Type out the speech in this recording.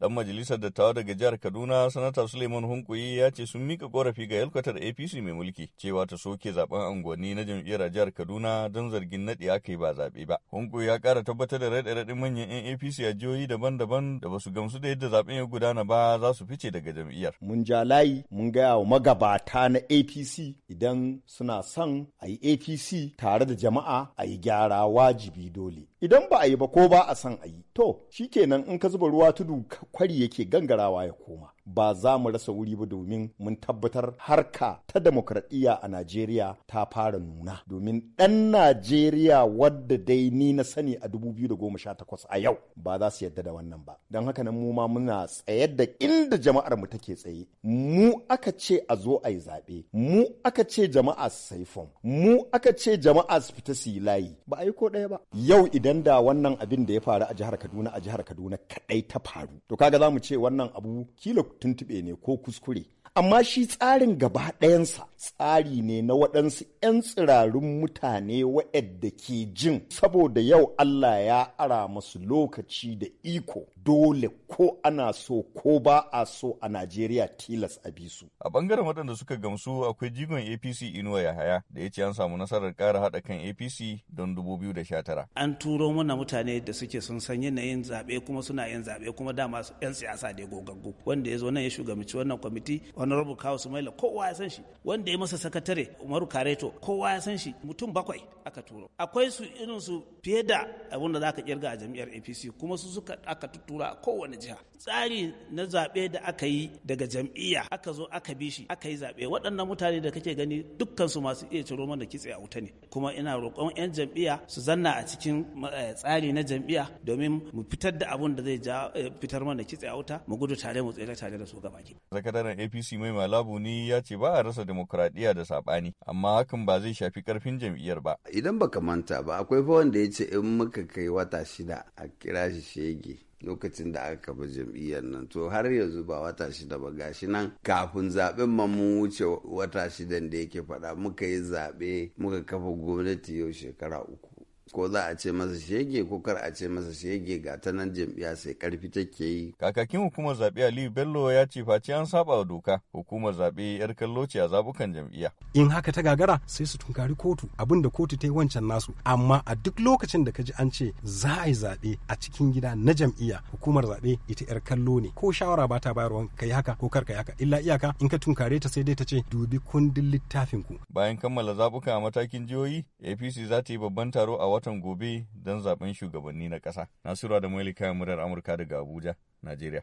Dan majalisar dattawa daga jihar Kaduna, Sanata Suleiman Hunkuyi ya ce sun mika korafi ga yalkwatar APC mai mulki cewa ta soke zaben unguwanni na jam'iyyar jihar Kaduna don zargin naɗi aka yi ba zabe ba. Hunkuyi ya kara tabbatar da raɗe-raɗin manyan 'yan APC a jihohi daban-daban da ba su gamsu da yadda zaben ya gudana ba za su fice daga jam'iyyar. Mun ja layi mun gaya wa magabata na APC idan suna son a yi APC tare da jama'a a yi gyara wajibi dole. idan ba a yi ba ko ba a san a yi to shi shikenan in ka zuba ruwa tudu kwari yake gangarawa ya koma ba za mu rasa wuri ba domin mun tabbatar harka ta demokradiyya a Najeriya ta fara nuna domin ɗan Najeriya wadda dai ni na sani a 2018 a yau ba za su yadda da wannan ba don haka nan mu ma muna tsaye da inda jama'ar mu take tsaye mu aka ce a zo a yi zaɓe mu aka ce jama'a su sai fom mu aka ce jama'a su fita su yi layi ba a yi ko ɗaya ba yau idan da wannan abin da ya faru a jihar Kaduna a jihar Kaduna kaɗai ta faru to kaga za mu ce wannan abu kila tuntuɓe ne ko kuskure amma shi tsarin gaba ɗayansa tsari ne na waɗansu 'yan tsirarun mutane waɗanda ke jin saboda yau Allah ya ara masu lokaci da iko dole ko ana so ko ba a so a Najeriya tilas a bisu. A bangaren waɗanda suka gamsu akwai jigon APC Inuwa Yahaya da ya ce an samu nasarar ƙara haɗa kan APC don 2019. An turo mana mutane da suke sun san yanayin zaɓe kuma suna yin zaɓe kuma dama 'yan siyasa da gogaggu wanda ya zo nan ya shugabanci wannan kwamiti honorable kawo sumaila kowa ya san shi wanda ya masa sakatare umaru kareto kowa ya san shi mutum bakwai aka turo akwai su irin su fiye da abin da za ka kirga a jam'iyyar apc kuma su suka aka tura a kowane jiha tsari na zaɓe da aka yi daga jam'iyya aka zo aka bi shi aka yi zaɓe waɗannan mutane da kake gani dukkansu su masu iya ciro mana kitse a wuta ne kuma ina roƙon 'yan jam'iyya su zanna a cikin eh, tsari na jam'iyya domin mu fitar da abun da zai eh, fitar mana kitse a wuta mu gudu tare mu tsere tare tare da su ke. Sakataren APC mai malabu ne ya ce ba a rasa demokradiyya da saɓani amma hakan ba zai shafi karfin jam'iyyar ba. Idan baka manta ba akwai fa wanda ya ce in muka kai wata shida a kira shi shege. lokacin da aka kafa jam'iyyar nan to har yanzu ba wata shida ba gashi nan kafin zaben ma mun wuce wata shidan da yake faɗa muka yi zaɓe muka kafa gwamnati yau shekara uku ko za a ce masa shege ko kar a ce masa shege ga ta nan jam'iyya sai karfi take yi. Kakakin hukumar zaɓe Aliyu Bello ya ce face an saba wa doka hukumar zaɓe yar kallo ce a zabukan jam'iyya. In haka ta gagara sai su tunkari kotu abin da kotu ta yi wancan nasu amma a duk lokacin da ka ji an ce za a yi zaɓe a cikin gida na jam'iyya hukumar zaɓe ita yar kallo ne ko shawara ba ta bayarwa ka yi haka ko kar ka yi haka illa iyaka in ka tunkare ta sai dai ta ce dubi kundin littafin ku. Bayan kammala zabuka a matakin jihohi APC za ta yi babban taro a watan gobe don zaben shugabanni na ƙasa. Nasiru da Malika murar Amurka daga Abuja, Najeriya.